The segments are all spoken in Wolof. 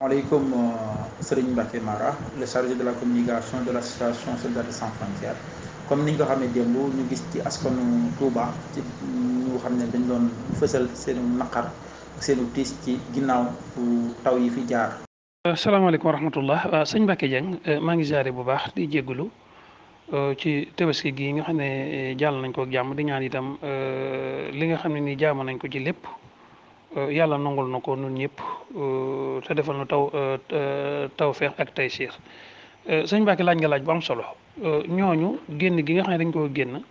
Maaleykum euh, Serigne Mbacké Mara le chargé de la communication de l'association Soldats sans frontières comme ni ñu ko xam ne démb ñu gis ci askanu Touba ci ñu xam ne dañ doon fësal seenu naqar ak seenu tiis ci ginnaaw taw yi fi jaar. Euh, salaamaaleykum wa rahmatullah waaw euh, sëñ Mbacké Dieng maa ngi ziare bu baax di jégalu ci tabaski gi nga xam ne jàll nañ ko jàmm di ñaan itam li nga xam ne nii jaamu nañ ko ci lépp. Euh, yàlla nangul na ko noonu ñëpp euh, te defal nu taw euh, taw feex ak taysiir sëñ Mbacke laaj nga laaj bu am solo ñooñu génn gi nga xam ne dañ koo génn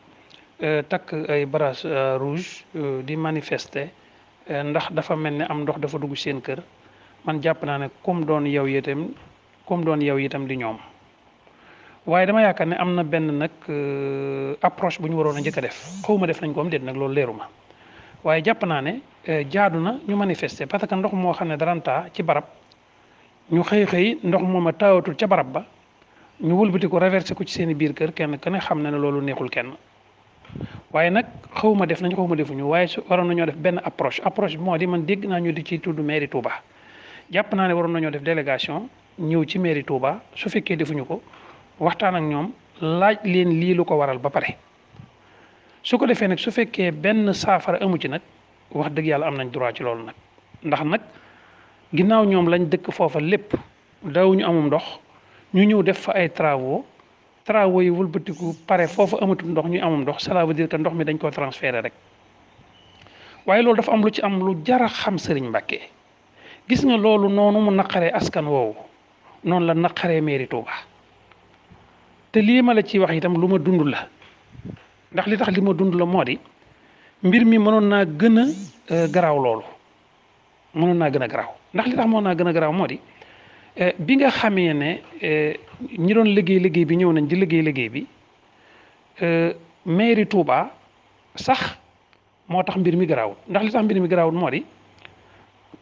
takk ay bras rouge di manifeste ndax dafa mel ne am ndox dafa dugg seen kër man jàpp naa ne comme doon yow itam comme doon yow itam di ñoom waaye dama yaakaar ne am na benn nag approche bu ñu waroon a jëkk a def xaw ma def nañ ko am déet nag loolu leeruma waaye jàpp naa ne euh, jaadu na ñu manifester parce que ndox moo xam ne daraan ci barab ñu xëy xëy ndox moom a taawatul ca barab ba ñu wëlbati ko reversé ko ci seen i biir kër kenn ku ne xam na ne loolu neexul kenn waaye nag xaw def nañ xaw ma defuñu waaye su waroon nañoo def benn approche approche bi moo di man dégg naa ñu di ci tudd mairie Touba jàpp naa ne waroon nañoo def délégation ñëw ci mairie Touba su fekkee defuñu ko waxtaan ak ñoom laaj leen lii lu ko waral ba pare. su ko defee nag su fekkee benn saafara amu ci nag wax dëgg yàlla am nañ droit ci loolu nag ndax nag ginnaaw ñoom lañ dëkk foofa lépp dawuñu amum ndox ñu ñëw def fa ay travaux travaux yi wëlbatiku pare foofa amatum ndox ñuy amum ndox cela veut dire que ndox mi dañ koo transféré rek waaye loolu dafa am lu ci am lu jara xam sëriñ Mbàkke gis nga loolu noonu mu naqaree askan woowu noonu la naqaree mairie Touba te lii ma la ciy wax itam lu ma dund la. ndax li tax li ma dund la moo di mbir mi mënoon naa gën a euh, garaaw loolu mënoon naa gën a garaaw ndax li tax mënoon naa gën a garaaw moo di euh, bi nga xamee ne euh, ñi doon liggéey liggéey bi ñëw nañ di liggéey liggéey bi mairie Touba sax moo tax mbir mi garaawul ndax li tax mbir mi garaawul moo di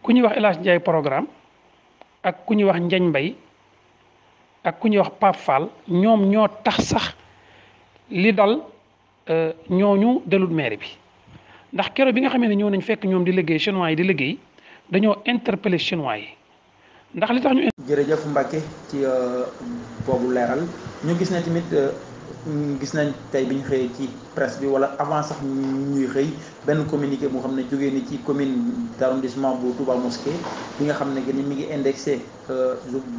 ku ñuy wax El Hadj Ndiaye programme ak ku ñuy wax njañ mbay ak ku ñuy wax Pape Fall ñoom ñoo tax sax li dal. Euh, ñooñu delul maire bi ndax keroog bi nga xamee ne ñëw nañ fekk ñoom di liggéey chinois di liggéey dañoo interpellé chinois yi ndax li tax ñu. jërëjëf Mbacke ci euh, boobu leeral ñu gis ne tamit euh, gis nañ tey bi ñu xëyee ci presse bi wala avant sax ñuy xëy benn communiqué bu xam ne jógee ni ci commune d'arrondissement bu Touba Mosquée bi nga xam ne que ni mi ngi indexé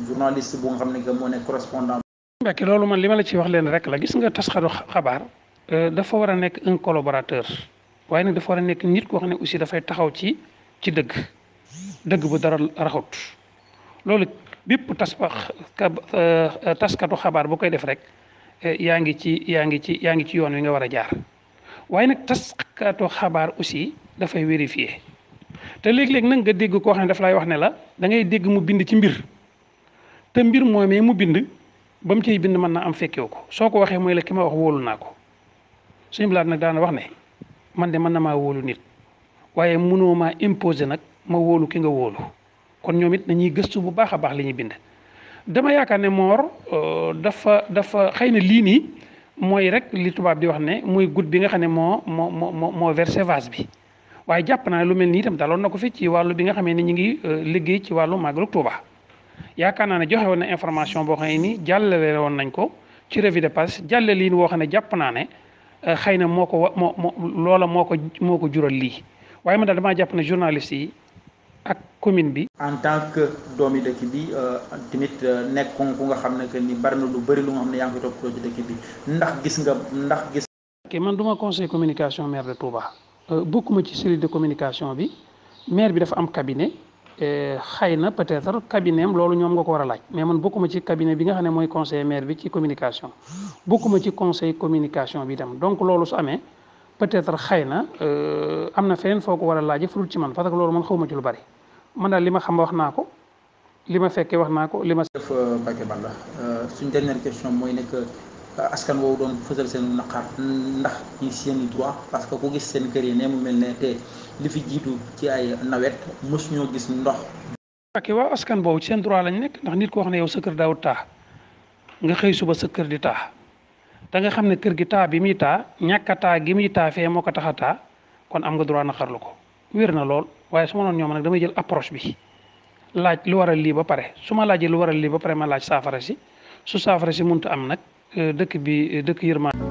journaliste bu nga xam ne que moo nekk correspondant. Mbacke loolu man li ma la ci wax leen rek la gis nga tasxaru xabaar. Euh, dafa war a nekk un waaye nag dafa war a nekk nit koo xam ne aussi dafay taxaw ci ci dëgg dëgg bu dara raxut loolu bépp taspa euh, taskatu xabaar bu koy def rek euh, yaa ngi ci yaa ngi ci yaa ngi ci yoon wi nga war a jaar waaye nag taskatu xabaar aussi dafay vérifier te léeg-léeg nag nga dégg koo xam ne daf lay wax ne la da ngay dégg mu bind ci mbir te mbir moomee mu bind ba mu cay bind mën naa am fekkewu ko soo ko waxee mooy la ki ma wax wóolu naa ko suñu bilaat nag daan wax ne man de mën na maa wóolu nit waaye mënoo maa imposer nag ma wóolu ki nga wóolu kon ñoom it nañuy gëstu bu baax a baax li ñuy bind dama yaakaar ne moor euh, dafa dafa xëy na lii nii mooy rek li tubaab di wax ne muy goutte bi nga xam ne moo moo moo moo versé vase bi waaye jàpp naa lu mel ni itam daloon na ko fi ci wàllu bi nga xamee ne ñu ngi euh, liggéey ci wàllu màggalu Tuuba yaakaar naa ne joxe woon na information boo xam ne nii jàllale woon nañ ko ci revue de presse jàllale yi woo xam ne jàpp naa ne. Euh, xëy na moo ko wa moo moo loola moo ko moo ko jural lii waaye man daal damaa jàpp ne journaliste yi ak commune bi. en tant que doomi dëkk bi euh, tamit euh, nekkoon ku nga xam ne que ni bari na lu bëri lu nga xam ne yaa ngi koy toppatoo dëkk bi ndax gis nga ndax gis. ok man duma conseil communication maire de Touba bokkuma ci cellule de communication bi maire bi dafa am cabinet. Eh, xëy na peut-être cabinet am loolu ñoom nga ko war a laaj mais man bokkuma ci cabinet bi nga xam ne mooy conseil maire bi ci communication bokkuma ci conseil communication bi itam donc loolu su amee peut-être xëy na euh, am na feneen foo ko war a laajee furut ci man parce que loolu man xawma ci lu bari man daal li ma xam wax naa ko li ma fekkee wax naa ko li ma. def Mbacké Balla euh, suñ dernière question mooy nekk. askan woowu doon fësal seen naqar ndax ñu seen i droit parce que ku gis seen kër yi ne mu mel ne te li fi jiitu ci ay nawet mës ñoo gis ndox. ak waaw askan boobu seen droit lañ nekk ndax nit ko wax ne yow sa kër daawut taa nga xëy suba sa kër di taa da nga xam ne kër gi taa bi muy taa ñàkk taa gi muy taa fee moo ko tax a taa kon am nga droit naqarlu ko wér na lool waaye su ma noon ñoom nag damay jël approche bi laaj lu waral lii ba pare su ma laajee lu waral lii ba pare ma laaj saafara si su saafara si mënut am nag. دك بي دك يرمى